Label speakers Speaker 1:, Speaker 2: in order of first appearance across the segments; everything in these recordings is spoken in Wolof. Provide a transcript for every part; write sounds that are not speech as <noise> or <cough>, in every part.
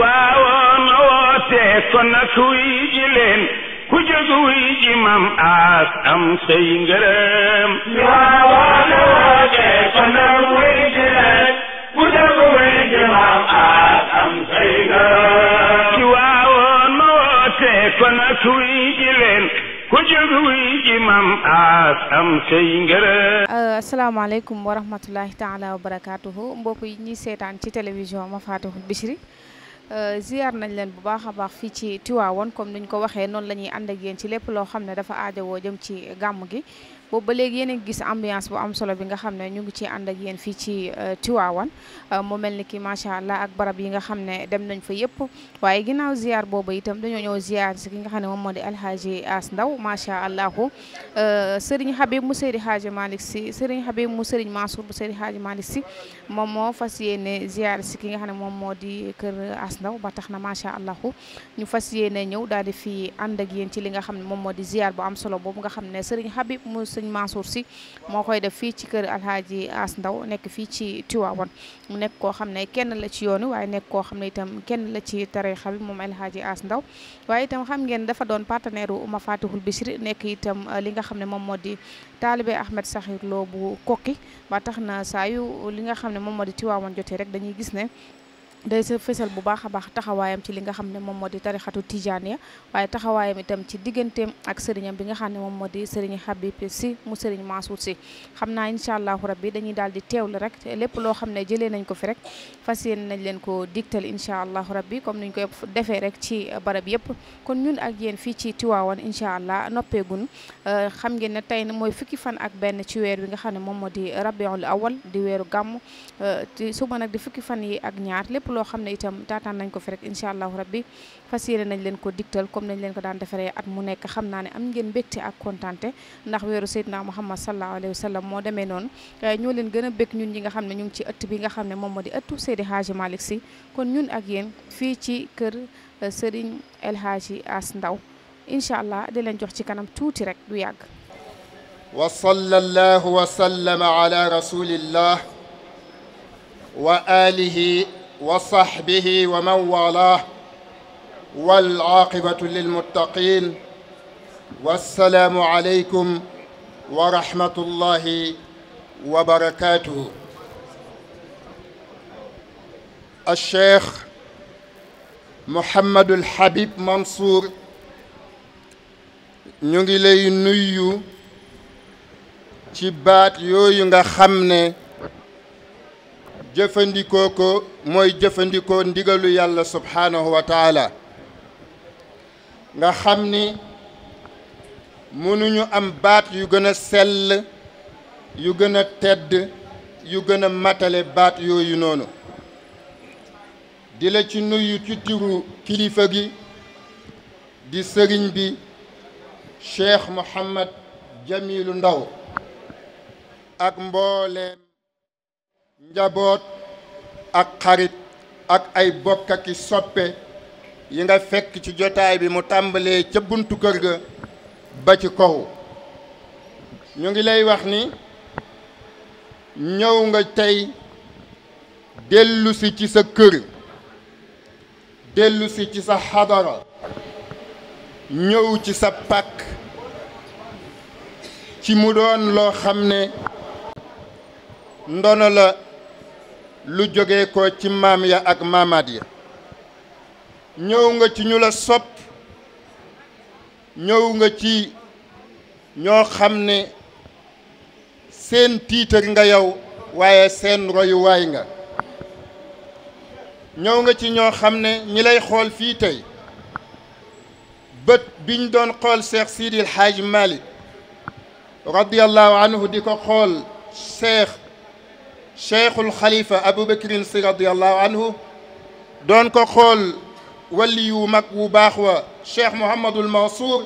Speaker 1: waawoo na woote kon nag wuy ji ku jóg wuy ji aas am say ngërëm waawoo woote kon nag wuy ji ku jóg wuy ji aas am say ngërëm
Speaker 2: waawoo na woote taala wa barakaatuhu mbokk yi ñuy seetaan ci télévision ma faatihul bichri Euh, ziar nañ leen bu baax a baax fii ci Tiwaawoon comme niñ ko waxee noonu la ñuy ànd ak ci lépp loo xam ne dafa aajowoo jëm ci gàmm gi boobu ba léegi gis ambiance bu am solo bi nga xam ne ñu ngi ciy ànd ak yéen fii ci euh, Tiwaawan euh, mu mel ni ki macha allah ak barab yi nga xam ne dem nañ fa yëpp waaye ginnaaw ziar boobu itam dañoo ñëw ziar si ki nga xam ne moom moo di alhaaji As Ndaw macha allahu euh, Serigne Habib mu Serigne Hadji Malick si Serigne Habib mu Serigne Mansour bu Serigne Hadji Malick si moom moo fas yéene ziar si ki nga xam ne moom moo di kër As Ndaw ba tax na macha allahu ñu fas yéene ñëw daal di fi ànd ak yéen ci li nga xam ne moom moo di ziar am solo boobu nga xam ne Serigne Habib sëñ Mansour si moo koy def fii ci kër Alhaaji As Ndaw nekk fii ci Tiwaawan mu nekk koo xam ne kenn la ci yoonu waaye nekk koo xam ne itam kenn la ci tare bi moom Alhaaji As Ndaw waaye itam xam ngeen dafa doon partenaire u Mafatihul Bichri nekk itam uh, li nga xam ne moom moo di taalibe Ahmed Sakhir Lo bu kokki ba tax na saa yu li nga xam ne moom moo di Tiwaawan jotee rek dañuy gis ne day sa bu baax a baax taxawaayam ci li nga xam ne moom moo di tarixatu tijaan ya waaye taxawaayam itam ci digganteem ak seriñam bi nga xam ne moom moo di sëriñ Habib si mu sëriñ Mansour si xam naa incha allahu rabbi dañuy daal di teewlu rek lépp loo xam ne jëlee nañ ko fi rek fas yéene nañ leen ko digtal incha allahu rabbi comme niñ koy defee rek ci barab yëpp kon ñun ak yéen fii ci Tiwaawan incha allah noppeegun euh, xam ngeen ne tey mooy fukki fan ak benn ci weer wi nga xam ne moom moo di rabiul awal di weeru gàmm euh, suba nag di fukki fan yi ak ñaar lépp loo xam ne itam taataan nañ ko fi rek incha allahu rabbi fas yéene nañ leen ko digtal comme nañ leen ko daan defaree at mu nekk xam naa ne am ngeen mbégte ak kontante ndax weeru Seydina Muhammad sallallahu alayhi wa sallam moo demee noonu eh, ñoo leen gën a bég ñun ñi nga xam ne ñu ngi ci ëtt bi nga moom moo di ëttu Seydi Hadji Malick Sy kon ñun ak yen fii ci kër eh, Serigne El Hadji As Ndaw incha allah de leen jox ci kanam tuuti rek du yàgg
Speaker 3: wa sallallahu wa sallama ala rasulillah wa وصحبه ومن والاه والعاقبة للمتقين والسلام عليكم ورحمة الله وبركاته الشيخ Mouhamadul Habib Mansour ñu ngi lay nuyu ci baat yooyu nga xam ne jëfandikoo ko mooy jëfandikoo ndigalu yàlla subhaanahu wa nga xam ni mënuñu am baat yu gën a sell yu gën a tedd yu gën a matale baat yooyu noonu di la ci nuyu ci turu kilifa gi di sëriñ bi Cheikh Mouhamad Jamilu Ndaw ak mbooleem njaboot ak xarit ak ay bokk ak soppe yi nga fekk ci jotaay bi mu tàmbalee ca buntu kër ga ba ci kaw ñu ngi lay wax ni ñëw nga tey dellusi ci sa kër dellusi ci sa xadara ñëw ci sa pàkk ci mu doon loo xam ne ndono la lu jóge ko ci maam ya ak maamaat ya ñëw nga ci ñu la sopp ñëw nga ci ñoo xam ne seen tiitar nga yow waaye seen royuwaay nga ñëw nga ci ñoo xam ne ñi lay xool fii tey bët bi ñu doon xool seex Sidil Hadj Malick radiyallahu di ko xool seex cheikhul xalifa aboubacrin si radiallahu anhu doon ko xool wali mag wu baax wa cheikh mouhamadul mansour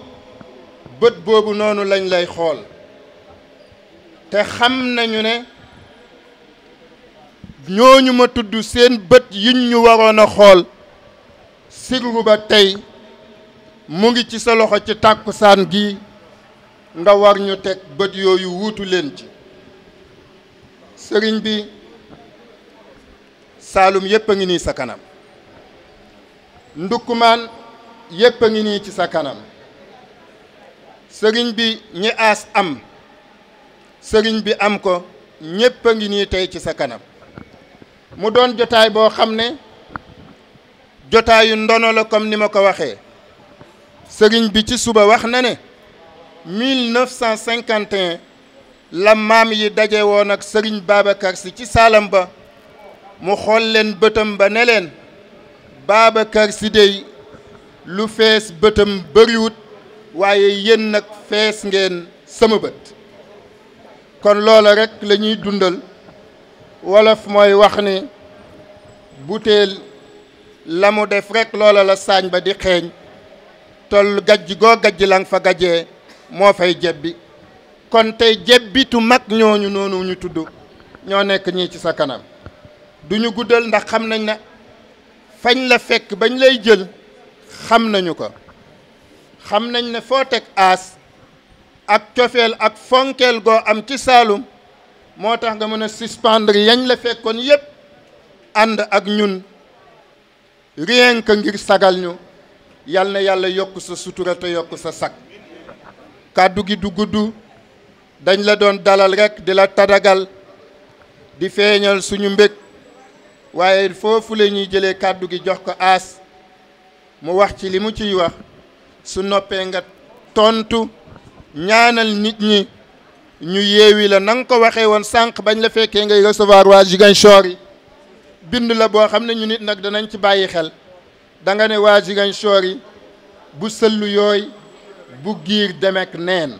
Speaker 3: bët boobu noonu lañ lay xool te xam nañu ne ñooñu ma tudd seen bët yiñ ñu waroon a xool sirru ba tey mu ngi ci sa loxo ci tàkkusaan gi nga war ñu teg bët yooyu wuutu leen ci sëriñ bi saalum yépp a ngi nii sa kanam ndukkumaan yépp a ngi nii ci sa kanam sëriñ bi ñi aas am sëriñ bi am ko ñépp a ngi nii tey ci sa kanam mu doon jotaay boo xam ne jotaayu ndono la comme ni ma ko waxee sëriñ bi ci suba wax na ne la maam yi daje woon ak sëriñ Babacar si ci saalam ba mu xool leen bëtam ba ne leen Babacar si dey lu fees bëtam bëriwut waaye yéen nag fees ngeen sama bët kon loola rek la dundal wolof mooy wax ni butéel la mu def rek loola la saañ ba di xeeñ toll gajj goo gajj lang fa gajee moo fay jebbi kon tey jebbitu mag ñooñu noonu ñu tudd ñoo nekk ñii ci sa kanam duñu guddal ndax xam nañ na fañ la fekk bañ lay jël xam nañu ko xam nañ ne foo teg aas ak cofeel ak fonkeel goo am ci Saalum moo tax nga mën a suspendre yañ la fekkoon yépp ànd ak ñun rien que ngir sagal ñu yal na yàlla yokk sa sutura te yokk sa sag kàddu gi du gudd dañ la doon dalal rek di la tadagal di feeñal suñu mbég waaye foofu la ñuy jëlee kàddu gi jox ko aas mu wax ci li mu ciy wax su noppee nga tontu ñaanal nit ñi ñu yeewi la na ko waxee woon sànq bañ la fekkee ngay recevoir waa Ziguinchor yi bind la boo xam ne ñu nit nag danañ ci bàyyi xel danga ne waa Ziguinchor yi bu sëllu yooy bu giir demek neen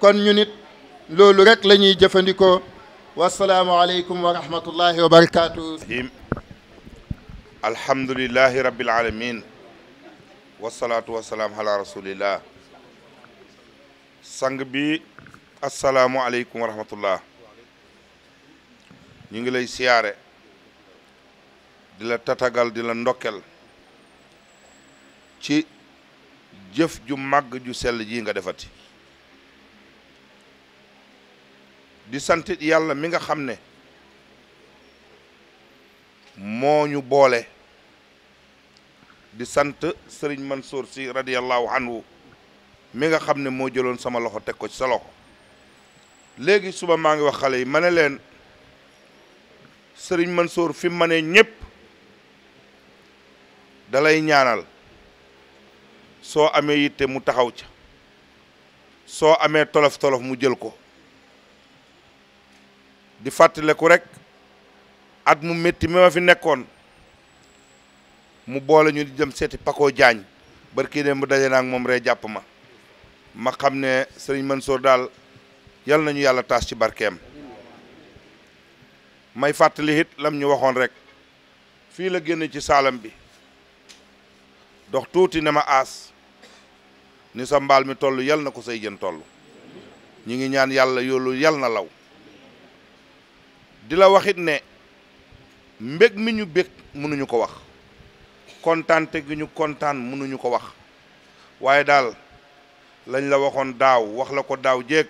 Speaker 3: kon ñu nit loolu lañuy la ñuy jëfandikoo wasalaamualeykum wa rahmatullahi wa barakaatu.
Speaker 4: alhamdulilahi rabbil alamin wasalaatu sang bi asalaamualeykum wa rahmatullah ñu ngi lay siyaare di la tatagal di la ndokkel ci jëf ju màgg ju sell ji nga defati di santit yàlla mi nga xam ne moo ñu boole di sant sëriñ man Mansour si radiyallahu anhu mi nga xam ne moo jëloon sama loxo teg ko ci sa loxo léegi suba maa ngi wax xale yi ma ne leen sëriñ Mansour fi ma ne ñépp dalay ñaanal soo amee yitte mu taxaw ca soo amee tolof tolof mu jël ko di fàttaleku rek at mu métti mi fi nekkoon mu boole ñu di dem seeti Paco Diagne barki dem bu daje naa moom ree jàpp ma ma xam ne sëriñ Mansour daal yal nañu yàlla taas ci barkeem may fàttali it lam ñu waxoon rek fii la génne ci saalam bi dox tuuti ne ma aas ni sa mbaal mi toll yal na ko say jën toll ñu ngi ñaan yàlla yolu yal na law di la waxit ne mbég mi ñu bég mënuñu ko wax kontaante gi ñu kontaan mënuñu ko wax waaye daal lañ la waxoon daaw wax la ko daaw jéeg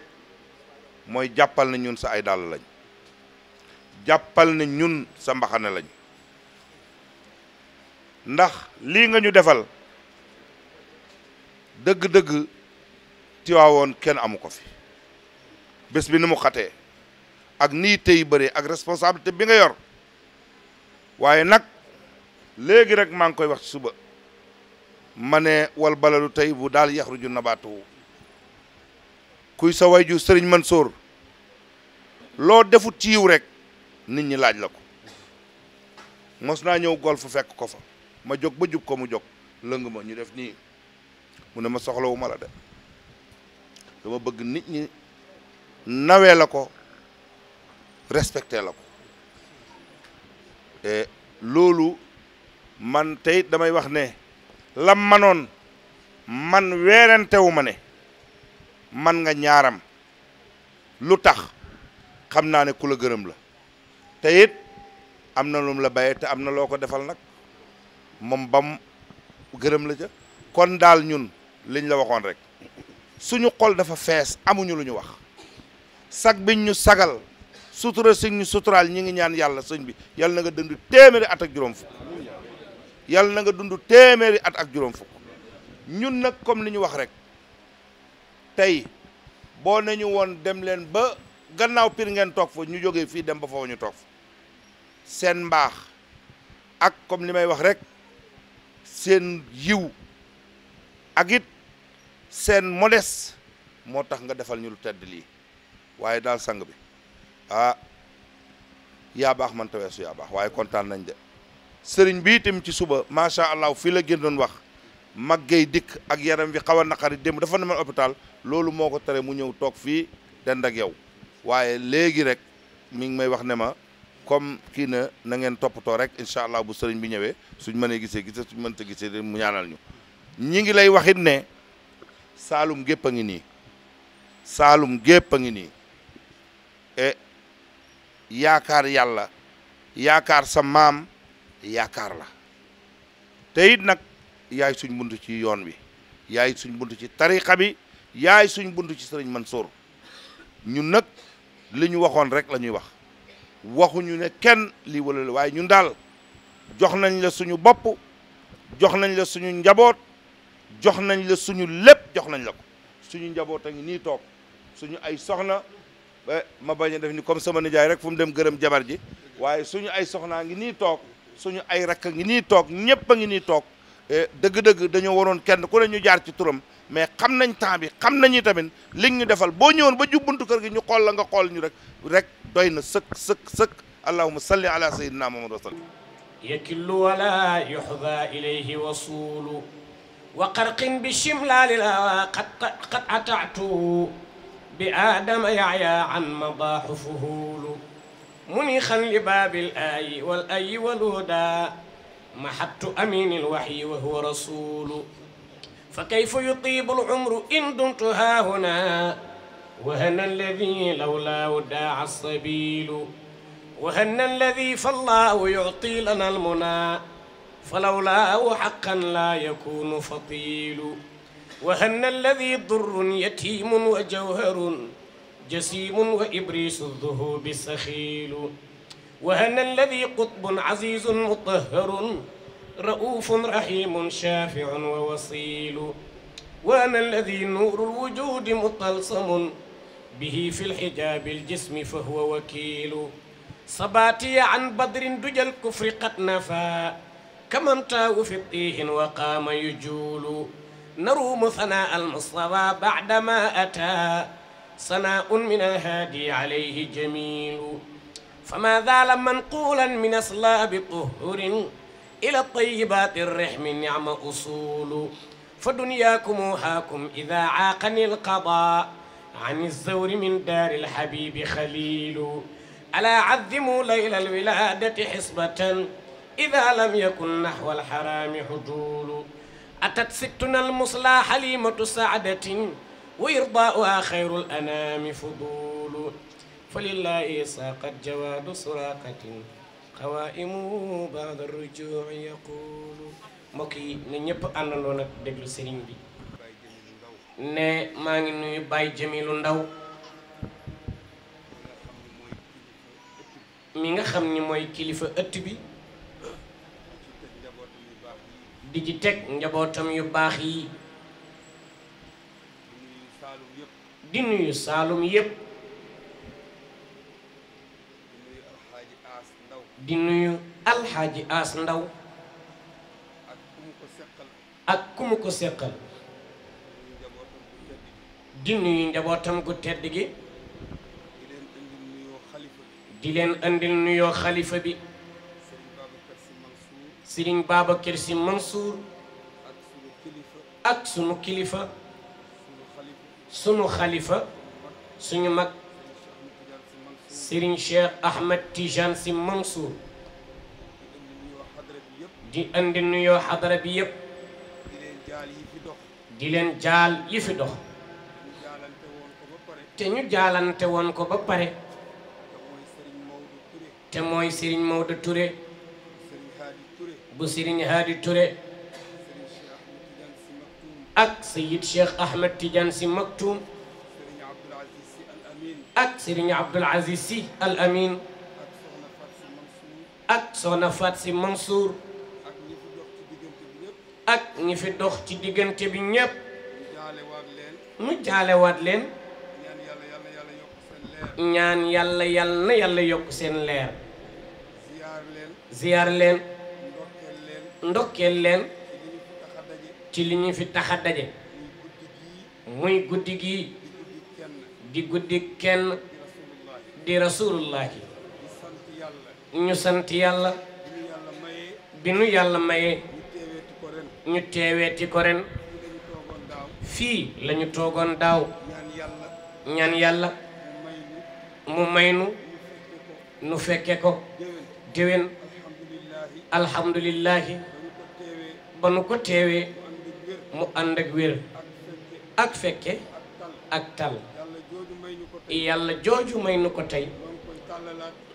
Speaker 4: mooy jàppal na ñun sa ay dàll lañ jàppal na ñun sa mbaxane lañ ndax li nga ñu defal dëgg-dëgg Tiwaawoon kenn amu ko fi bés bi ni mu xatee ak nii tey bëree ak responsabilité bi nga yor waaye nag léegi rek maa ngi koy wax ci suba ma ne wal balalu tey bu daal yaxruju nabaatu kuy sa way ju sëriñ Mansoor loo defut ci rek nit ñi laaj la ko mos naa ñëw golf fekk ko fa ma jóg ba jub ko mu jog lëng ma ñu def nii mu ne ma soxlawuma la de dama bëgg nit ñi nawee la ko respecté la ko te loolu man tey damay wax ne la manoon man weerantewu ma ne man nga ñaaram lu tax xam naa ne ku la gërëm la te it am na lum la bayee te am na loo ko defal nag moom bam gërëm la ca kon daal ñun liñ la waxoon rek suñu xol dafa fees amuñu lu ñu wax sag biñ ñu sagal sutura sëñ ñu suturaal ñi ngi ñaan yàlla sëñ bi yàlla na nga dund téeméeri at ak juróom fukk yàlla na nga dund téeméeri at ak juróom fukk ñun nag comme li ñu wax rek tey boo nañu woon dem leen ba gannaaw pir ngeen toog fa ñu jógee fii dem ba foofu ñu toog fa seen mbaax ak comme li may wax rek seen yiw ak it seen modeste moo tax nga defal ñu lu tedd lii waaye daal sang bi ah yaa baax man taweesu yaa baax waaye kontaan nañ de sëriñ bi itam ci suba macha allah fii la gën doon wax maggay dikk ak yaram wi xaw a naqari démb dafa demoon hôpital loolu moo ko tere mu ñëw toog fii dend ak yow waaye léegi rek mi ngi may wax ne ma comme kii ne na ngeen toppatoo rek incha allah bu sëriñ bi ñëwee suñ mënee gisee gisee suñ mënta gisee mu ñaanal ñu ñi ngi lay waxit ne saalum gépp a ngi nii saalum gépp a ngi nii e yaakaar yàlla yaakaar sa maam yaakaar la te it nag yaay suñ bunt ci yoon wi yaay suñ bunt ci tariqa bi yaay suñ bunt ci sëriñ Mansour ñun nag li ñu waxoon rek la ñuy wax waxuñu ne kenn lii wala la waaye ñun daal jox nañ la suñu bopp jox nañ la suñu njaboot jox nañ la suñu lépp jox nañ la ko suñu njaboot a ngi nii toog suñu ay soxna Eh, ma bañ a def ni comme sama nijaay rek fu mu dem gërëm jabar ji waaye suñu ay soxnaa ngi nii toog suñu ay rakk ngi nii toog ñëpp a ngi nii toog eh, dëgg-dëgg dañoo waroon kenn ku ne ñu jaar ci turam mais xam nañ temps bi xam nañu tamit li ñu defal boo ñëwoon ba jubbuntu kër gi ñu xool la nga xool ñu rek rek doy na sëkk sëkk sëkk allahumma salli ala sayyidina muhammad wa sallim
Speaker 5: yakillu wala yuhda ilayhi wasulu wa qarqin bi shimlalil hawa qad qad ata'tu بآدم يعيا عن مضاح فهول منيخا لباب الآي والأي والهدى محبت أمين الوحي وهو رسول فكيف يطيب العمر إن دمت ها هنا وهنا الذي لولا داع السبيل وهنا الذي فالله يعطي لنا المنى فلولاه حقا لا يكون فطيل وهن الذي ضر يتيم وجوهر جسيم وإبريس الذهوب سخيل وهن الذي قطب عزيز مطهر رؤوف رحيم شافع ووصيل وأنا الذي نور الوجود مطلسم به في الحجاب الجسم فهو وكيل صباتي عن بدر دجى الكفر قد نفى كمن تاه في الطيه وقام يجول نروم ثناء المصطفى بعدما أتى ثناء من الهادي عليه جميل فما زال منقولا من أصلاب طهر إلى الطيبات الرحم نعم أصول فدنياكم هاكم إذا عاقني القضاء عن الزور من دار الحبيب خليل ألا عذموا ليل الولادة حصبة إذا لم يكن نحو الحرام حجول atat sittuna almusla xalimatu saadatin wa irdaauha xayru alanaami fudulu fa lillahi saqat jawaadu suraqatin xawaimu baada rujuci yaqulu mbokk ñépp àndandoo nag déglu sëriñ bi ne maa ngi nuyu Baye Jamilu Ndaw nga xam ni mooy kilifa ëtt bi di ci teg njabootam yu baax yi di nuyu saalum yépp di nuyu alxaaji aas ndaw ak ku mu ko seqal di nuyu njabootam gu tedd gi di leen andil nuyoo xalifa bi Serigne Babacar Sy Mansour ak sunu kilifa sunu xalifa suñu mag Serigne Cheikh Ahmed Tidiane Sy Mansour di indi nuyoo xadara bi yépp di leen jaal yi fi dox te ñu jaalante woon ko ba pare te mooy Serigne Maodo Touré bu Serigne Hadi Touré ak Seyid Cheikh Ahmed Tidiane si Maktoum ak Serigne Abdoul Al Amin ak Soxna Fat Sy Mansour ak ñi fi dox ci diggante bi ñépp mu jaalewaat leen ñaan yàlla yàlla yàlla yokk seen leer ziyaar leen ndokkeel leen ci li ñu fi tax a daje muy guddi gii di guddi kenn di rasulullahi ñu sant yàlla bi nu yàlla mayee ñu teeweeti ko ren fii lañu toogoon daaw ñaan yàlla mu maynu nu nu fekke ko déwén alhamdulillahi ba nu ko teewee mu ànd ak wér ak fekke ak tal yàlla jooju may nu ko tey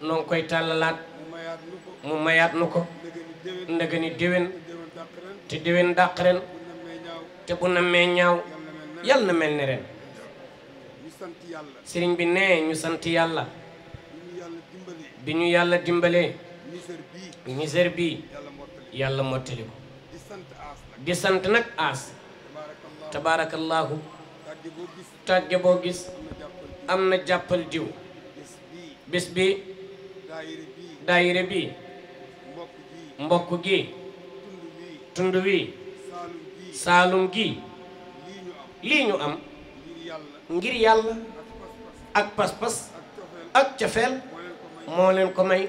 Speaker 5: noo koy tàllalaat mu mayaat nu ko ndaga ni déwén te déwén dàq ren te bu nammee ñaaw yàlla mel ne ren sëriñ bi nee ñu sant yàlla bi ñu yàlla dimbalee niser bii yàlla mottali ko di nag aas tabaarakallaahu tàgge boo gis am na jàppal diw bis bi daayire bi mbokk gi tund wi saalum gi lii ñu am ngir yàlla ak pas-pas ak cofeel moo leen ko may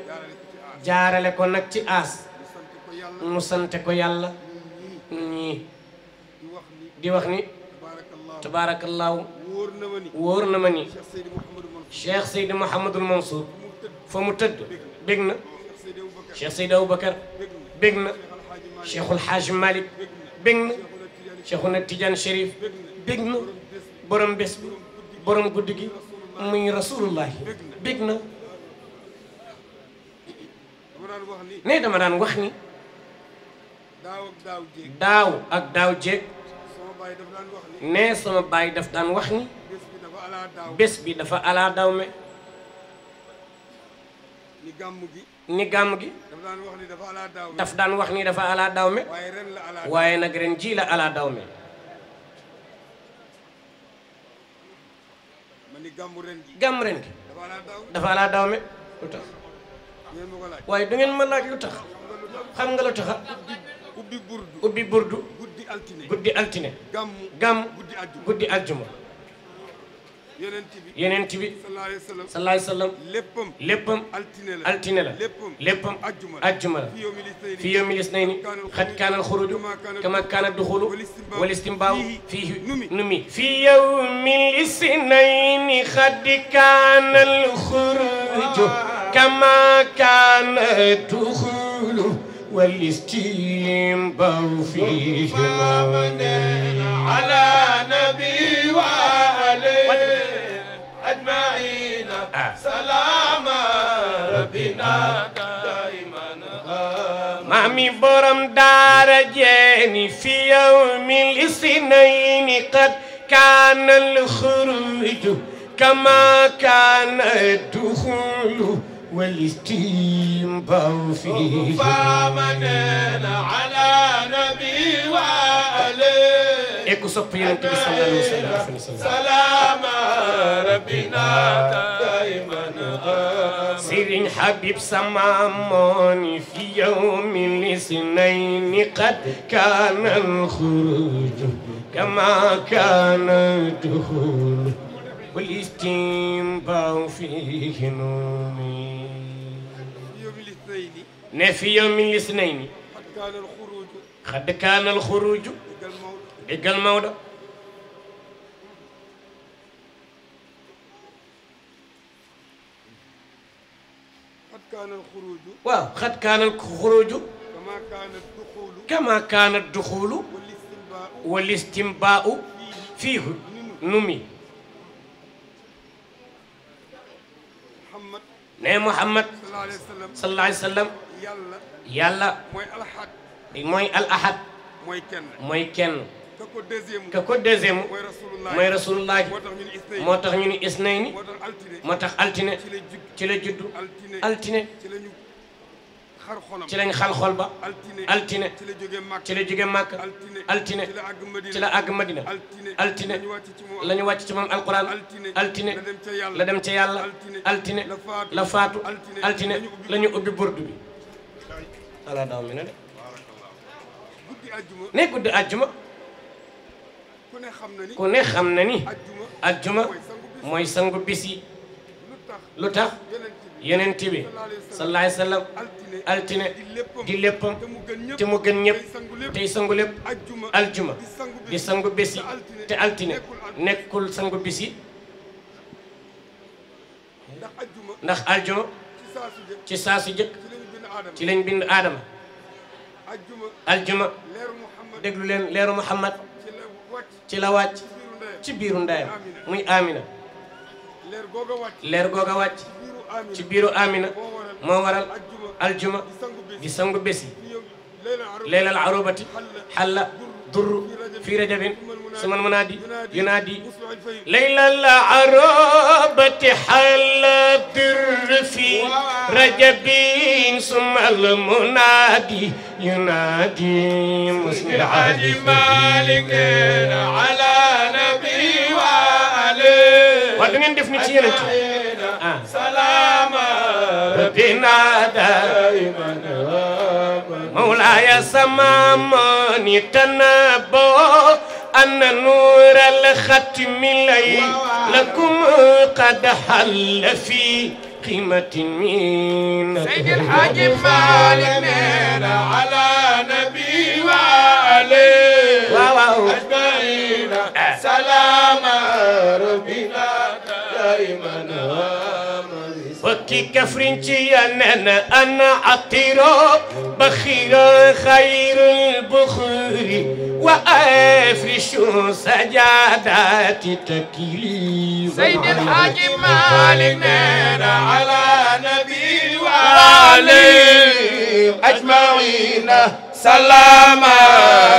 Speaker 5: jaarale ko nag ci aas mu ko yàlla ñii di wax ni tabaarakallaahu wóor na ma ni Cheikh Seydi Mouhamadul Mansour fa mu tëdd na Cheikh Seydi Aboubacar bég na Cheikhul Xaaji Malick bég na Cheikhuna Tidiane Chérif bég na borom bés bi borom guddi gi muy rasulullahi bég na ne
Speaker 1: daaw
Speaker 5: ak daaw jéeg ne sama baay daf daan wax ni bés bi dafa alaa daaw me ni gàmm gi ni gàmm wax ni dafa alaa daaw me waaye nag ren ji la alaa daaw me waaye du ngeen ma laaj lu tax xam nga lu taxa ubbi burdu ubbi burdu. guddi altine guddi altine. gàmm gàmm guddi aljuma yeneen ti bi salaay salaam léppam léppam altine la léppam ajjuma la fi yawmi lisnayni xat kaanal xuruju kama kaana duxulu wal istimbaaw fii numi fi yawmi lisnayni xat kaanal xuruju kama kaana duxulu والاستنبار فيهما على نبي وآله
Speaker 4: أجمعين سلام ربنا
Speaker 5: مامي برم دار جاني في يوم الاثنين قد كان الخروج كما كان الدخول والاستنبار فيه فامننا على
Speaker 3: نبي
Speaker 5: وآله إكو صبي أنت صلى الله عليه وسلم سلام ربنا دائما سير حبيب سمامون في يوم الاثنين قد كان الخروج كما كان الدخول والاستنباء فيه نومي ne fi yawmin lisnayni xad kaana alxuruuju déggal Maodo waaw xad kaana alxuruuju kama kaana adduxuulu wal istinbaau fiihu numi ne Muhammad
Speaker 1: sallallahu
Speaker 5: alayhi wa sallam yàlla mooy mooy ahad mooy kenn ka ko deuxième mooy rasulullahi moo tax ñu ni isnayni moo tax altine ci la juddu altine ci lañ xal xol ba altine ci la jóge màkk altine ci la àgg madina altine la ñu wàcc ci moom alquran altine la dem ca yàlla altine la faatu altine la ñu ubbi burdu bi ala daaw mi ne de ne guddi àjjuma
Speaker 1: ku ne xam na ni àjjuma
Speaker 5: mooy sangu bis lu tax yeneen bi sallallahu alayhi wa altine di léppam te mu gën ñëpp tey sangu lépp aljuma di sangu bési te altine nekkul sangu bési ndax aljuma
Speaker 1: ci saa su jëkk
Speaker 5: ci lañ bind aadama aljuma déglu leen leeru muhammad ci la wàcc ci biiru ndayam muy amina leer googa wàcc ci biiru Amina moo waral aljuma di sangu bés yi leelal arubati durru fi rajabin suman munaadi yunaadi leelal arubati xalla durru fi rajabin sumal munaadi yunaadi musnil aadi
Speaker 4: malik
Speaker 5: ala nabi wa ali wa du ci yeneen سلام ربنا دائما مولاي سمامني تنبو أن نور الختم لي لكم قد حل في قيمة من سيد الحاج مالك
Speaker 3: على
Speaker 5: نبي وعليه أجمعين سلام ربنا دائما ki Kaffrine ci yeneen ana atiro baxira xayrul buxuri wa afrishu sajaadati takili Seydi El Hadji Malick nee na ala nabi wa ali ajmaina salaama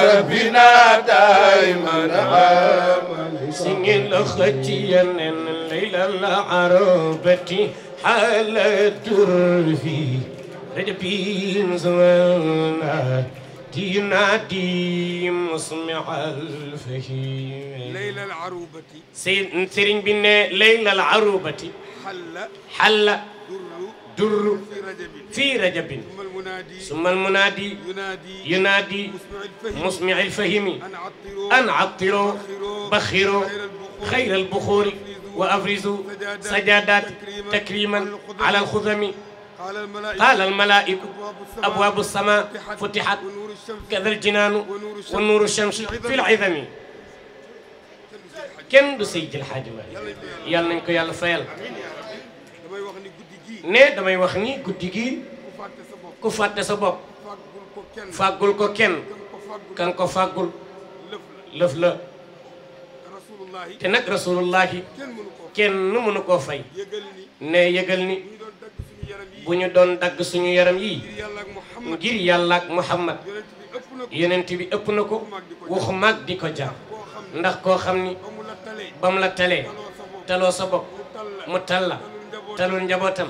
Speaker 5: rabbina daiman aman singil xati yeneen leylal arabati على الدر في رجبين زوانا تينادي مسمع الفهيم ليلى العروبة سيد سيرين بن ليلى العروبة حل حل در في رجب ثم المنادي ثم المنادي ينادي ينادي مسمع الفهم أن عطروا بخروا خير البخور wa afrisu sajadat takriman ala alxudami qaala almalaa'iku abwaabu samaa futixat kada aljinaanu wa nuuru shamsi fi lcidami kenn du Seydil Hadji Malick yàlla nañ ko yàlla fayal ne damay wax ni guddi gi ku fàtte sa bopp fàggul ko kenn kan ko fàggul lëf la te nag rasulullahi kenn mënu koo fay ne yëgal ni bu ñu doon dagg suñu yaram yii ngir yàlla ak muhammad yonent bi ëpp na ko waxu mag di ko jaar ndax koo xam ni ba mu la talee taloo sa mu tal talul njabootam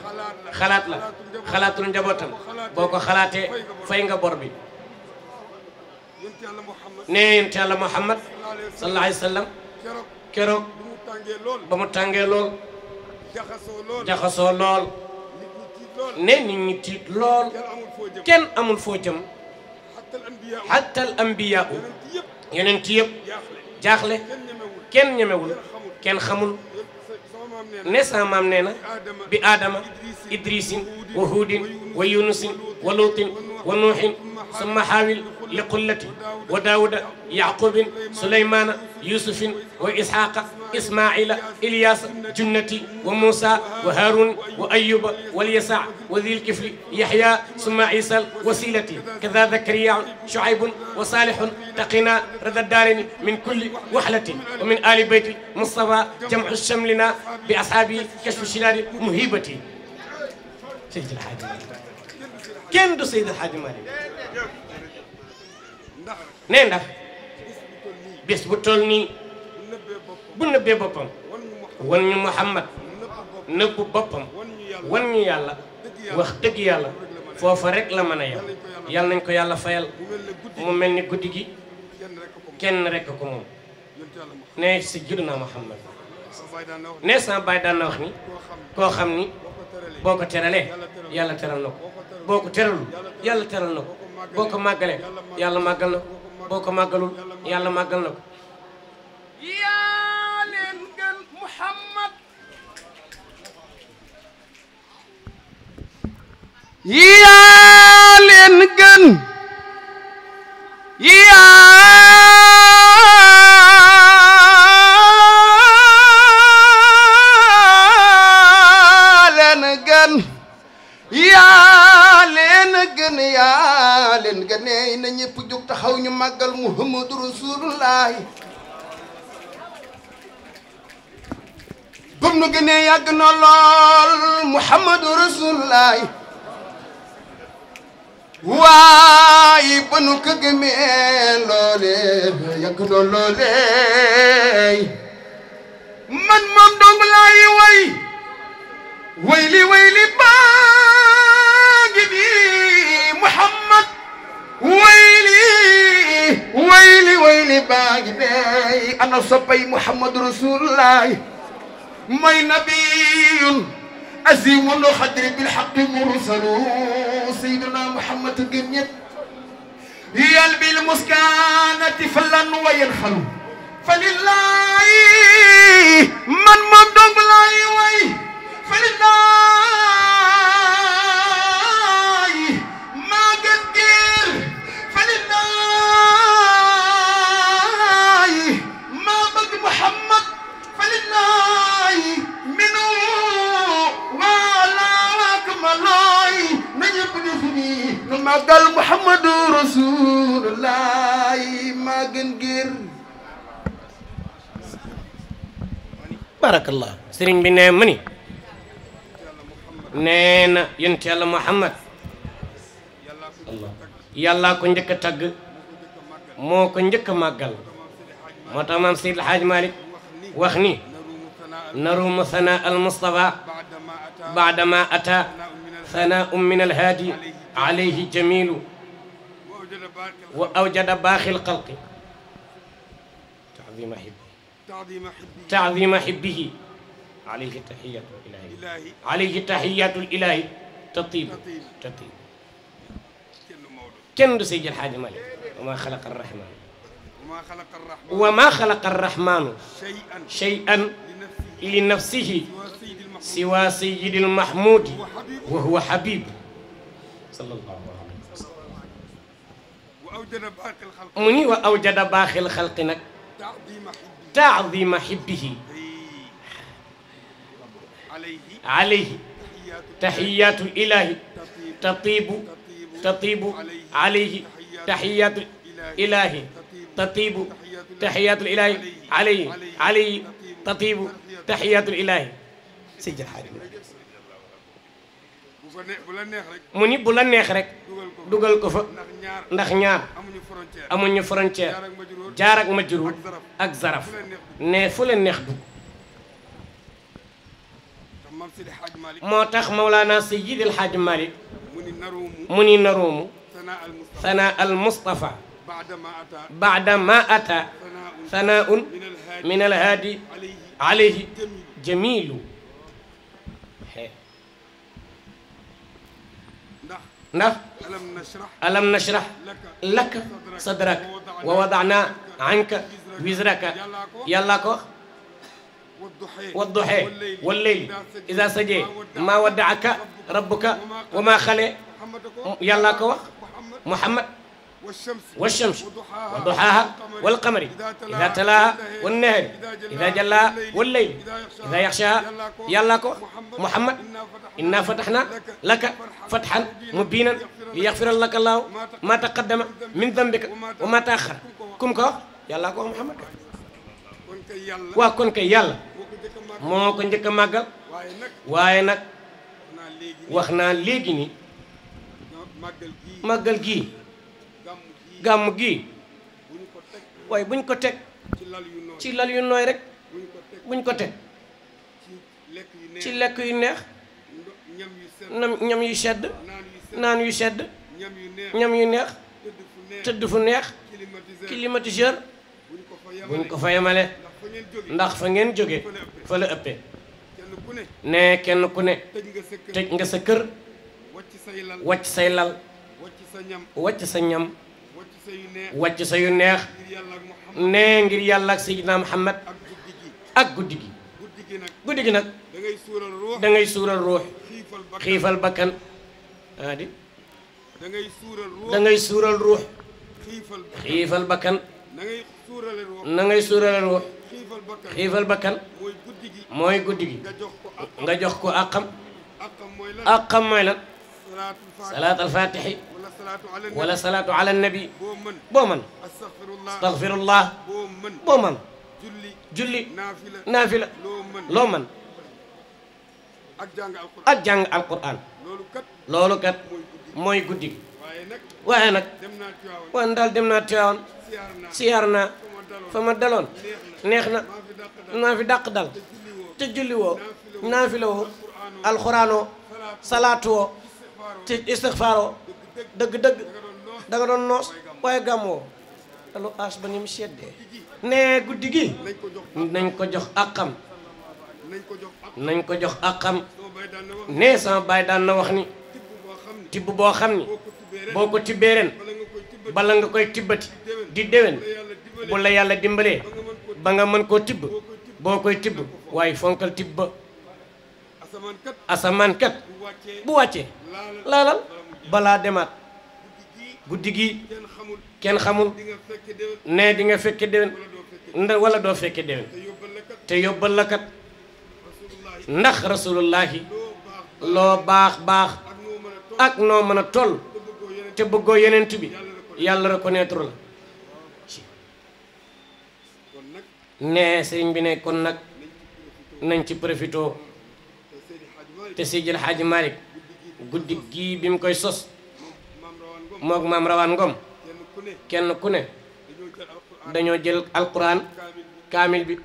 Speaker 5: xalaat la xalaatul njabootam boo ko xalaatee fay nga bor bi ne yonent yàlla muhammad sallallahu keroog ba mu tàngee lool jaxasoo lool ne nit ñi tiit lool kenn amul foo jëm hatta al anbiyaa yeneen ci yëpp jaaxle kenn ñemewul kenn xamul ne sa maam nee na bi aadama idrisin wa huudin wa yunusin wa luutin لقلتي وداود يعقوب سليمان يوسف وإسحاق إسماعيل إلياس جنتي وموسى وهارون وأيوب واليسع وذي الكفل يحيى ثم عيسى وسيلتي كذا ذكريا شعيب وصالح تقنا رضا الدارين من كل وحلة ومن آل بيت مصطفى جمع الشملنا بأصحابه كشف الشلال مهيبتي سيد الحاج كم دو سيد الحاج مالك ne ndax bis bu toll nii bu nëbbee boppam wan ñu Muhammad nëbbu boppam wan ñu yàlla wax dëgg yàlla foofa rek la mën a yem yàlla nañ ko yàlla fayal mu mel ni guddi gi kenn rek ko moom ne si judna Muhammad ne sama baay daan na wax ni koo xam ni boo ko teralee yàlla teral na ko boo ko teralul yàlla teral na ko boo ko màggalee yàlla màggal na boo ko màggalul yàlla màggal na ko
Speaker 3: yaa leen gën muhammad yaa leen gën yaa gën yaa leen gënee na ñëpp jóg taxaw ñu màggal muhammadu rasulullaahi bum nu gënee yàgg na lool muhammadu rasulullaahi waaye ba nu ko gëmee loolee yàgg na man moom dong laay way way li
Speaker 1: sëriñ baa ngi ne ana soppay muhammadu rasulullahi mooy nabiyun azimun xadri bil xaqi mursalu
Speaker 3: sayyiduna muhammadu gën ñëpp yal bil muskanati
Speaker 5: falan wayen xalu falillahi man moom dong laay way falillahi
Speaker 1: na ñëpp di fi nii nu màggal Muhammadu Rasulullah
Speaker 3: maa gën ngir
Speaker 5: barakallah sëriñ bi nee ma ni nee na yonent yàlla Muhammad yàllaa ko njëkk a tagg moo ko njëkk a màggal moo tax maam Seydi Hadj Malick wax ni naruumu sanaa al Mustafa baadama ata ثناء من الهادي عليه جميل وأوجد باخي القلق تعظيم
Speaker 1: حبه
Speaker 5: تعظيم حبه عليه تحية الإله عليه تحية الإله تطيب تطيب kenn du Seydil Hadji Malick wama xalaqa arrahman wama xalaqa arrahmanu shay'an li nafsihi siwa sayidi lmahmudi wa huwa habib sallallahu alayhi wa
Speaker 1: sallam
Speaker 5: mu ni wa awjada baaxil xalqi nag taadima xibbihi alayhi taxiyatu ilahi tatibu tatibu alayhi taxiyatu ilahi tatibu taxiyatu ilahi alayhi alayhi tatibu taxiyatu ilahi Seydi El Hadji Malick mu ni bu la neex rek dugal ko fa ndax ñaar amuñu frontière jaar ak majruur ak zaraf ne fu la neex dugg moo tax Mawlana Seydi El Hadji Malick mu ni naroomu sanaa al Mustafa baada ma ata sanaaun min al haadi alayhi jamiilu ndax alam nashrah laka sadrak wa wadana anka wizraka yàllaa ko wax wadduxee walleyl ida sajee maa waddaaka rabbuka wa maa xale yàllaa ko wax muhammad والشمس وضحاها والقمر إذا تلاها والنهر إذا جلاها والليل إذا يغشاها يلاكو محمد إنا فتحنا لك فتحا مبينا ليغفر لك الله ما تقدم من ذنبك وما تأخر كم كو يلاكو محمد waa kon kay yàlla moo ko njëkk a màggal waaye nag wax naa léegi ni màggal gii gàmm gi waaye buñ ko teg ci lal yu nooy rek buñ ko teg ci lekk yu neex nam ñam yu sedd naan yu sedd ñam yu neex tëdd fu neex climatiseur buñ ko fa yemale ndax fa ngeen jóge fa la ëppee ne kenn ku ne tëj nga sa kër wàcc say lal wàcc sa ñam wàcc sa ñam wàcc sa yu neex nee ngir yàlla ak Seydina Muhammad ak guddi gi guddi gi nag da ngay suural ruux xiifal bakkan a di da ngay suural ruux xiifal bakkan na ngay suurale ruux xiifal bakkan mooy guddi gi nga jox ko àqam àqam mooy lan salaat alfatixi wala salaatu ala annabi boo mën astaxfirullah boo mën julli naafila loo mën ak jàng alquran loolu kat mooy guddi gi waaye nag wan daal dem naa Tiwaawan siyaar naa fa ma daloon neex na naa fi dàq dal te julli woo naafila woo alquran woo salaatu woo ci istixfaaroo dëgg-dëgg da nga doon noos waaye gàmmoo te lu aas ba ni mu seddee nee guddi gi nañ ko jox àqam nañ ko jox àqam nee sama baay daan na wax ni tibb boo xam ni boo ko tibbee ren bala nga koy tibbati di déwén bu la yàlla dimbalee ba nga mën koo tibb boo koy tibb waaye fonkal tibb ba asamaan bu wàccee laalal balaa demaat guddi gi kenn xamul ne di nga fekke déwén nda wala doo fekke déwén te yóbbal la kat ndax rasulullahi loo baax baax ak noo mën a toll te bëggoo yenent bi yàlla reconnaître la ne sëriñ bi ne kon nag nañ ci profito te Seydil Hadji Malick guddi gii bi mu koy sos moog maam rawaan ngom kenn ku ne dañoo jël alquran kaamil bi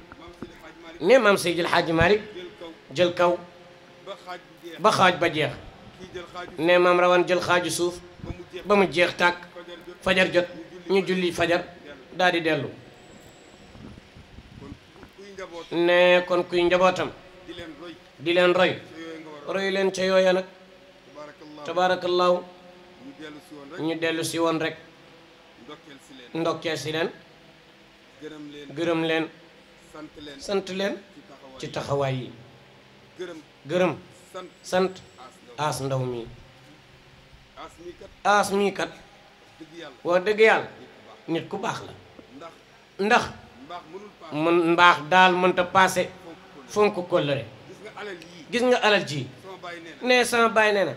Speaker 5: ne maam Seydil Hadji Malick jël kaw ba xaaj ba jeex ne maam rawaan jël xaaju suuf ba mu jeex tàkk fajar jot ñu julli fajar daal dellu ne kon kuy njabootam di leen roy roy leen ca yooya nag tabaarakallaahu ñu dellusi woon rek ndokkeel si leen
Speaker 1: gërëm leen sant leen
Speaker 5: ci taxawaay yi
Speaker 1: gërëm sant aas
Speaker 5: ndaw mi aas mii kat wax dëgg yàlla nit ku baax la ndax mën mbaax daal mënta paase fonk kóllëre gis nga alal ji nee sama baay nee na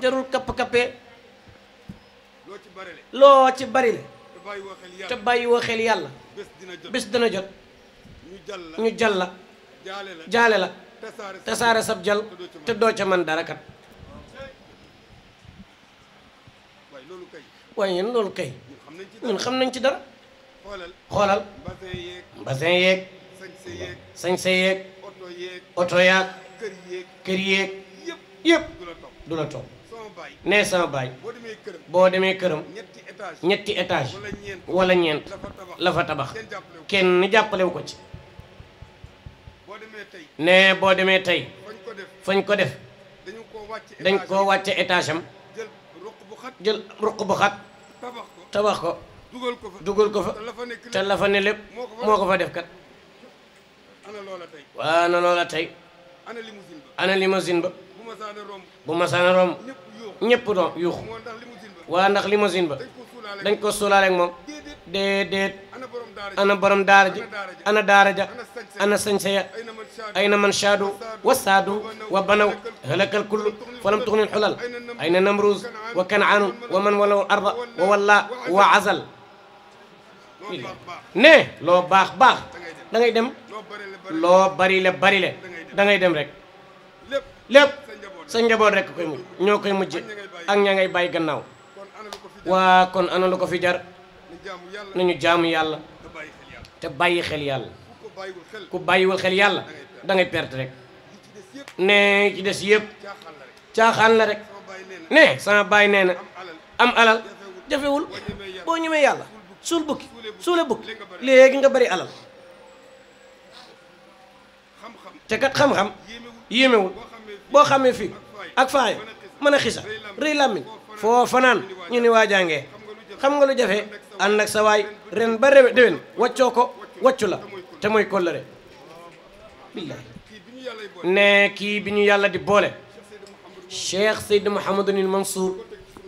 Speaker 5: jarul kapp-kappee loo ci bari le te bàyyi woo xel yàlla bés dina jot ñu jàll la jaale la tasaare sab jal te doo man dara kat waaye yéen loolu kay ñun xam nañ ci dara xoolal basin yeeg sañse yeeg oto yaag kër yeeg yëpp du la topp nee sama baay boo demee këram ñetti étage wala ñeent la fa tabax kenn jàppalewu ko ci nee boo demee tey fañ ko def dañ koo wàcce étage am jël ruq bu xat tabax ko dugal ko fa te la fa ne lépp moo ko fa def kat waa na loola tey ana limousine ba bu masaana romb ñëpp doon yuuxu waa ndax limousine ba dañ ko suulaale ak moom déedéet ana borom daara ji ana daara ja ana sañse ya ayna man shaadu wa saadu wa banaw halakal kullu falam tuxnil xulal ayna namruuz wa kanaanu wa man walaw arda wa walla wa azal ne loo baax baax da ngay dem loo bari le bari le da dem rek sa njaboot rek koy mujj ñoo koy mujj ak ña ngay bàyyi gannaaw waa kon ana lu ko fi jar nañu jaamu yàlla te bàyyi xel yàlla ku bàyyiwul xel yàlla dangay ngay rek ne ci des yëpp caaxaan la rek ne sama bàyyi nee na am alal jafewul boo ñemee yàlla suul bukki suule bukki léegi nga bari alal te kat xam-xam yéemewul boo xamee fi ak faay mën a xisa rëy làmmiñ foo fanaan ñu ni waa jàngee xam nga lu jafe ànd ak sa ren ba rewe waccoo ko waccu la te mooy kollëre billaahi ne kii bi ñu yàlla di boole cheikh seyd mouhamadunil mansour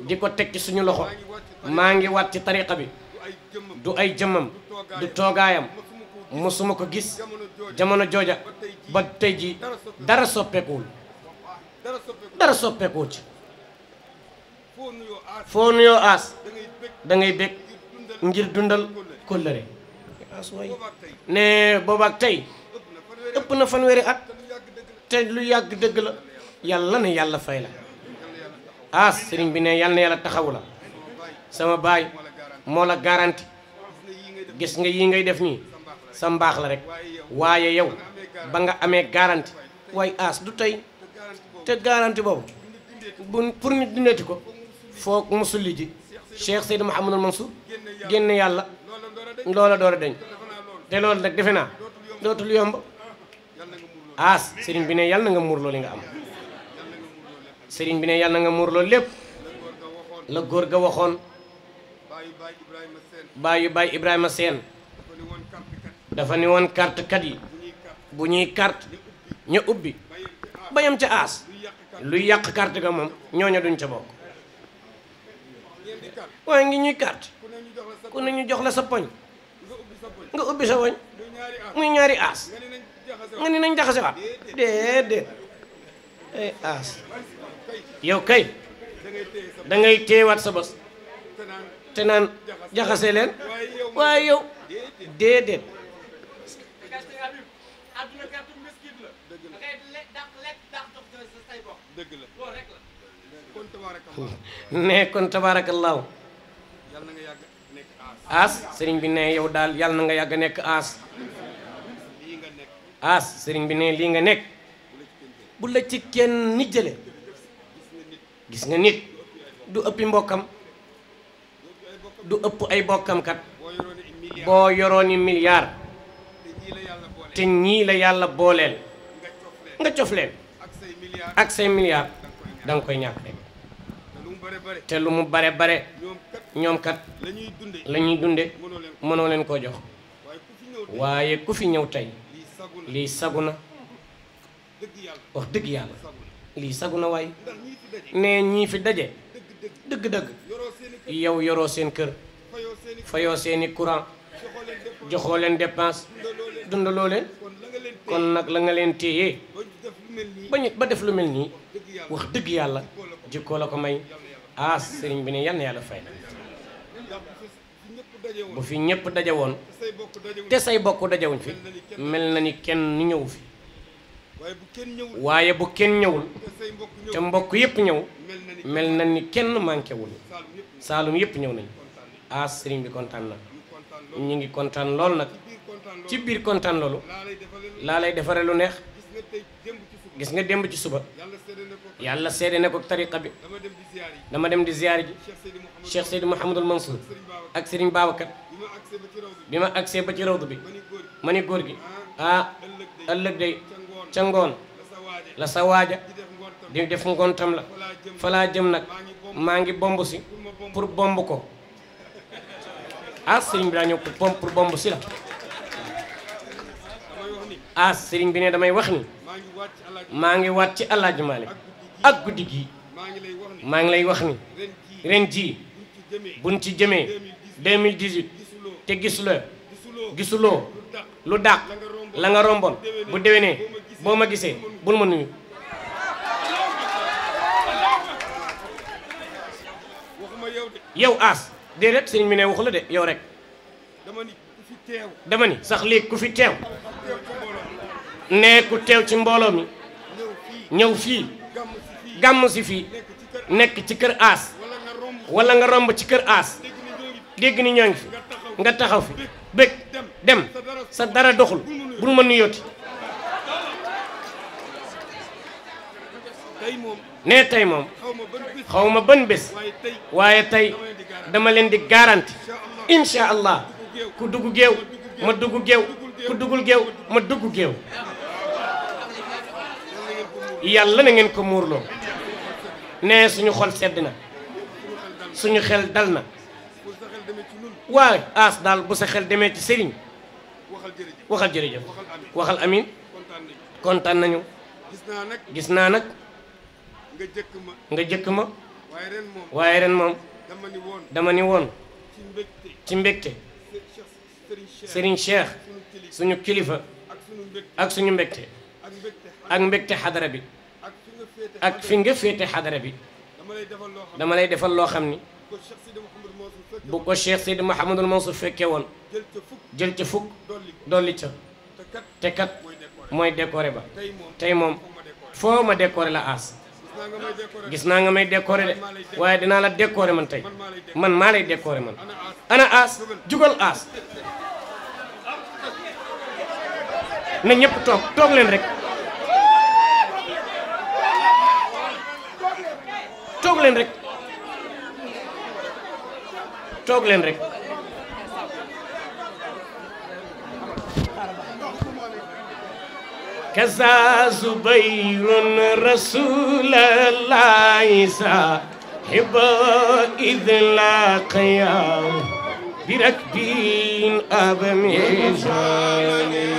Speaker 5: di ko teg ci suñu loxo maa ngi waat ci tariqa bi du ay jëmmam du toogaayam musuma ko gis jamono jooja ba tey ji dara soppeekuwul dara soppeekoo ci foo nuyoo aas da ngay ngir dundal kóllëre ne boobaak tey ëpp na fanweeri at te lu yàgg dëgg la yàlla na yàlla fay la aas ah, sëriñ bi ne yàlla na yàlla taxawu la sama baay moo la garanti gis nga yi ngay def nii sa mbaax la rek waaye yow ba nga amee garanti waaye aas ah, du tey te garanti boobu bu pour nit dundeeti ko foog mu sulli ji Cheikh Seydou Mouhamadul Mansour génn yàlla loola door a dañ te loolu nag defe naa dootul yomb aas sëriñ bi ne yàlla nga muur loolu nga am sëriñ bi ne yàlla nga muur lépp la góor ga waxoon baayu baay Ibrahima Seen dafa ni woon carte kat yi bu ñuy carte ñu ubbi bayam ca aas luy yàq carte ga moom ñooñu duñ ca bokk waaye ngi ñuy carte ku ne ñu jox la sa poñ nga ubbi sa poñ muy ñaari aas nga ni nañ jaxase waat déedéet ay aas yow kay da ngay téewaat sa bos te naan jaxase leen waaye yow déedéet ne kon tabaarakallaahu aas sëriñ bi ne yow daal yàlla na nga yàgg a nekk aas aas sëriñ bi ne lii nga nekk bu la ci kenn nit jële gis nga nit du ëppi mbokkam du ëpp ay bokkam kat boo yorooni milliard te ñii la yàlla booleel nga cof leen ak say milliards danga koy ñàkk rek te lu mu bare bare ñoom kat la ñuy dunde mënoo leen koo jox waaye ku fi ñëw tey lii sagu na wax dëgg yàlla lii sagu na waay nee ñii fi daje dëgg-dëgg yow yoroo seen kër fayoo seeni courant joxoo leen dépense dundaloo leen kon nag la nga leen téye ba ñu ba def lu mel nii wax dëgg yàlla jikkoo la ko may ah sëriñ bi ne yal yàlla fay na bu fi ñëpp dajawoon te say bokk dajawuñ fi mel na ni kenn ñëw fi waaye bu kenn ñëwul te mbokk yëpp ñëw mel na ni kenn manqué wul saalum yëpp ñëw nañ ah sëriñ bi kontaan na ñu ngi kontaan lool nag ci biir kontaan loolu laa lay defaree lu neex gis nga demb ci suba yàlla seede na ko tariqa bi dama dem di ziyaar ji Cheikh Seydi Mouhamadul Mansour ak Serigne Babacar bi ma agsee ba ci rawdu bi ma ni góor gi ah, ah ëllëg day ca ngoon la sa waaja di def ngontam la falaa jëm nag maa ngi bomb si pour bomb ko <laughs> ah Serigne bi daa ñëw pour bomb si la ah Serigne bi ne damay wax ni maa ngi waat ci alaaji Malick ak guddi gi maa ngi lay wax ni ren jii buñ ci jëmee 2018 te gisuloo gisuloo lu dàq la nga romboon bu déwénee boo ma gisee bul ma nuyu yow aas déedéet sëñ mi ne waxu la de yow rek dama ni sax léegi ku fi teew ne ku teew ci mbooloo mi ñëw fii gàmm si fii nekk ci kër aas wala nga romb ci kër aas dégg ni ñoo ngi fi nga taxaw fi bëgg dem sa dara doxul bul ma nuyooti ne tey moom xaw ma ban bés waaye tey dama leen di garanti incha allah ku dugg géew ma dugg géew ku duggul géew ma dugg géew yàlla na ngeen ko muurloo nee suñu xol sedd na suñu xel dal na waaye aas daal bu sa xel demee ci sëriñ waxal jërëjëf waxal amin kontaan nañu gis naa nag nga jëkk ma waaye ren moom dama ni woon ci mbégte sëriñ Cheikh suñu kilifa ak suñu mbégte ak mbégte xadara bi ak fi nga féete xadara bi dama lay defal loo xam ni bu ko Cheikh Seydi Mouhamadul Mansour fekkee woon jël ca fukk dolli ca te kat mooy décoré ba tey moom foo ma décoré la aas gis naa nga may décoré de waaye dinaa la décoré man tey man maa lay décoré man ana aas jugal aas na ñëpp toog toog leen rek toog leen rek toog leen rek كذا زبير رسول الله صاحب إذ لاقيا بركبين أب على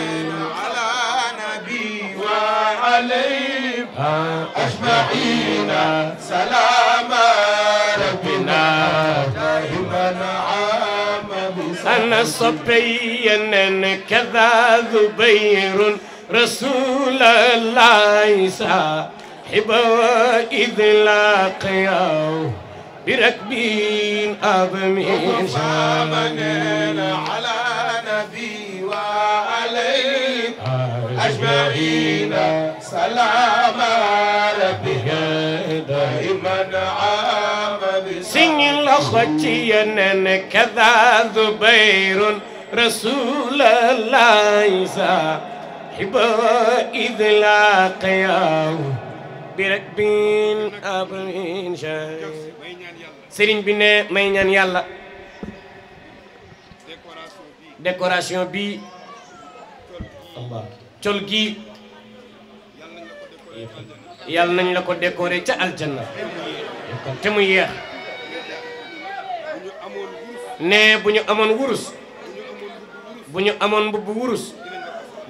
Speaker 5: نبي وعليه أجمعين صبيا كذا ذبير رسول الله صاحب إذ لاقياه بركبين أبمين فامنين على نبي وعليه أجمعين
Speaker 1: سلام ربي
Speaker 5: سن لخوتي ينن كذا زبير رسول الله صاحب إذ لاقياه بركبين أبرين شاي سرين بنا مينان يلا décoration bi Allah col gi yàlla nañ la ko décorer ca aljanna kon te mu yéex ne bu ñu amoon wurus bu ñu amoon mbubb wurus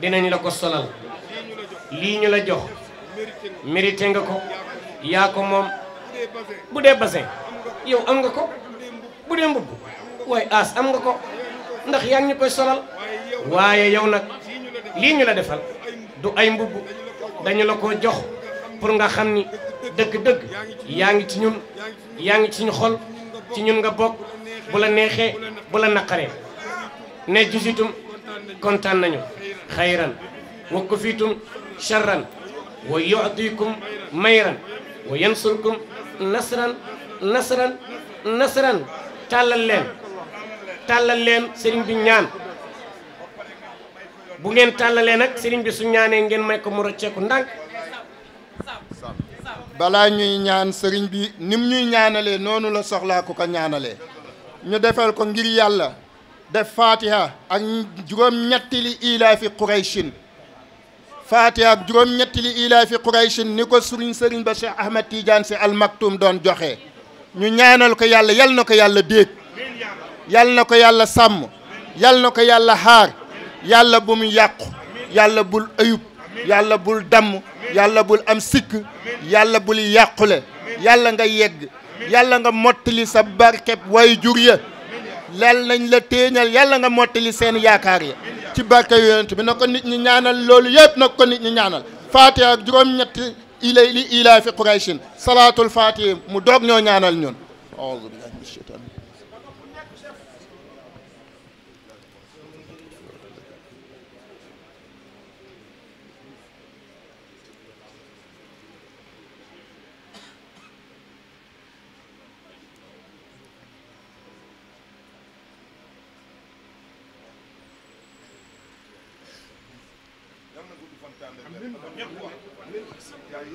Speaker 5: dinañ la ko solal lii ñu la jox mérité nga ko yaa ko moom bu dee basin yow am nga ko bu dee mbubb waaye aas am nga ko ndax yaa ngi ñu koy solal waaye yow nag lii ñu la defal du ay mbubb dañu la ko jox pour nga xam ni dëgg-dëgg yaa ngi ci ñun yaa ngi ci ñu xol ci ñun nga bokk bu la neexee bu la naqaree ne jusitum kontaan nañu xayran wa kufitum charran wa yudikum mayran wa yansurkum nasran nasran nasran tàllal leen tàllal leen sëriñ bi ñaan bu ngeen tàllalee nag sëriñ bi su ñaanee ngeen may ko mu rocceeku ndànk balaa ñuy ñaan sëriñ bi nim ñuy ñaanalee noonu
Speaker 3: la soxlaa ku ko ñaanale ñu defal ko ngir yàlla def fatiha ak juróom-ñetti li ilaafi qurayshin fatiha juróom-ñetti li ilaafi qurayshin ni ko sëriñ sëriñ ba Cheikh Ahmed Tidiane si almaktum doon joxe ñu ñaanal ko yàlla yal na ko yàlla déeg yal na ko yàlla sàmm yal na ko yàlla xaar yàlla bu mu yàqu yàlla bul ayub yàlla bul damm yàlla bul am sikk yàlla bul yàqule yàlla nga yegg yàlla nga mottali sa barkeb way jur ya lal nañ la téeñal yàlla nga mottali seen yaakaar ya ci barke yonent bi na ko nit ñi ñaanal loolu yëpp na ko nit ñi ñaanal fatiha ak juróom-ñetti ilay li ilaa fi salaatul fatiha mu doog ñoo ñaanal ñun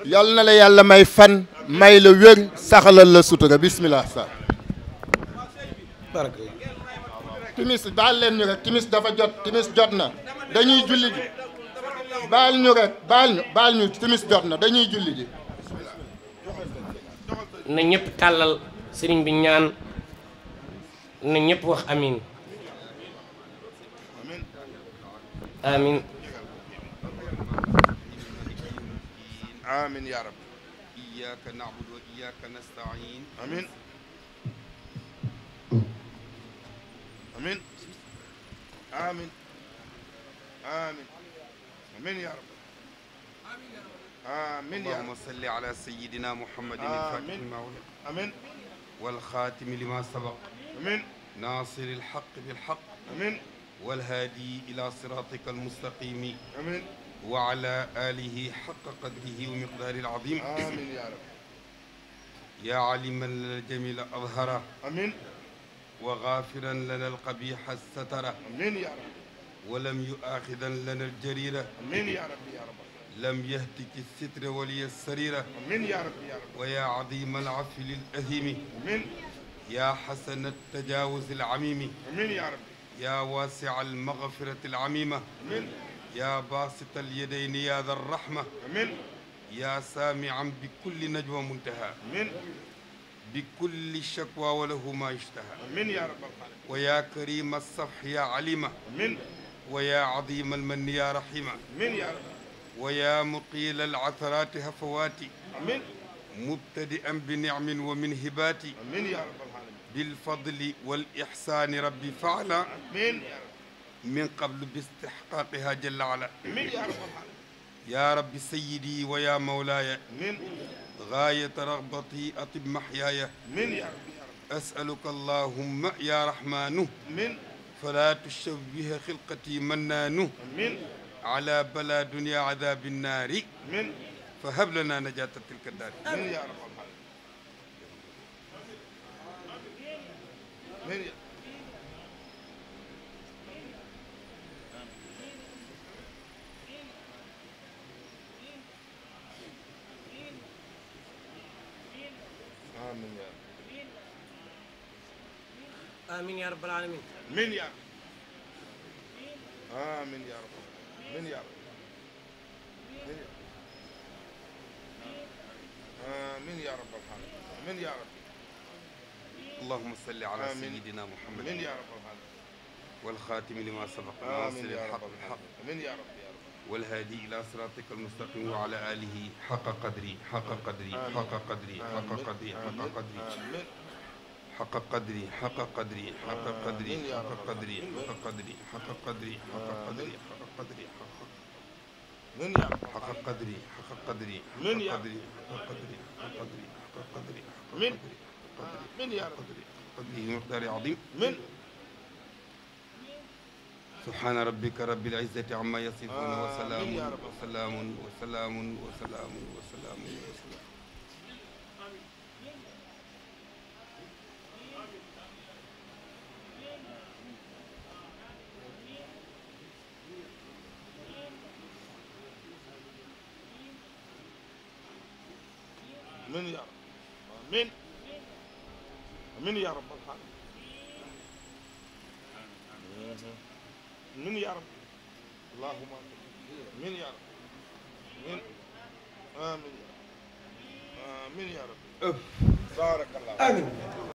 Speaker 3: yal na la yàlla may fan may la wér saxalal la sutura bismillah sa timis baal leen ñu rek timis dafa jot timis jot na dañuy julli ji baal ñu rek baal ñu timis
Speaker 5: jot na dañuy julli ji na ñëpp tàllal sëriñ bi ñaan na ñëpp wax amin amin
Speaker 1: amin ya rabbi iyyaka na'budu wa iyyaka nasta'in amin
Speaker 4: amin amin
Speaker 1: amin amin ya rabbi آمين يا اللهم صل على سيدنا محمد الفاتح لما أغلق آمين والخاتم لما سبق آمين ناصر الحق بالحق آمين والهادي إلى صراطك المستقيم آمين wa ala alihi xaqa qadrihi wa miqdaarihi al-aziim. amiin yaa rabbi. yaa aaliman lanaa al-jamiila azhara. amiin. wa gaafiran lanaa al-qabiiha satara. amiin yaa rabbi. wa lam yu'aaxidan lanaa al-jariira. amiin yaa rabbi yaa rabbi. lam yahtiki as-sitra wa liya as-sariira. amiin yaa rabbi yaa rabbi. wa yaa aziima al-'afwi lil-aziimi. amiin. yaa xasana at-tajaawizi al-'amiimi. amiin yaa rabbi. yaa waasi'a al-maghfirati al-'amiima. amiin. يا باسط اليدين يا ذا الرحمة آمين يا سامعا بكل نجوى منتهى آمين بكل شكوى وله ما يشتهى آمين يا رب العالمين ويا كريم الصفح يا عليمة آمين ويا عظيم المن يا رحيمة آمين يا رب ويا مقيل العثرات هفواتي آمين مبتدئا بنعم ومن هباتي آمين يا رب العالمين بالفضل والإحسان ربي فعلا آمين يا رب min qablu bi istixqaaqiha jalla ala yaa rabbi sayyidi wa yaa mawlaaya gaayata ragbati atib maxyaaya asaluka allahumma yaa raxmaanu falaa tushawiha xilqati mannaanu ala balaa dunya adaabi naari fa hab lanaa najaata tilka daari
Speaker 5: amin ya amin ya rabbal alamin min ya
Speaker 4: amin ya rabbal min ya
Speaker 1: min
Speaker 4: ya amin ya rabbal alamin min ya rabbi
Speaker 1: اللهم صل على سيدنا محمد من يا رب العالمين والخاتم لما سبق ناصر الحق بالحق
Speaker 4: من يا رب يا رب
Speaker 1: والهادي إلى صراطك المستقيم وعلى آله حق قدري حق قدري حق قدري حق قدري حق قدري حق قدري حق قدري حق قدري حق قدري حق قدري حق قدري حق قدري حق قدري من يا حق قدري حق قدري من يا قدري حق قدري حق قدري حق قدري
Speaker 4: من قدري من
Speaker 1: يا قدري قدري مقدار عظيم من subhaana rabbika rabbil izzati amma yasifun wa salaamun wa salaamun wa salaamun wa salaamun wa salaamun wa salaamun amiin yaa rabbal
Speaker 4: aalamiin amiin yaa rabbal aalamiin min ya rabbi allahumma min ya rabbi min amin amin ya rabbi barakallah amin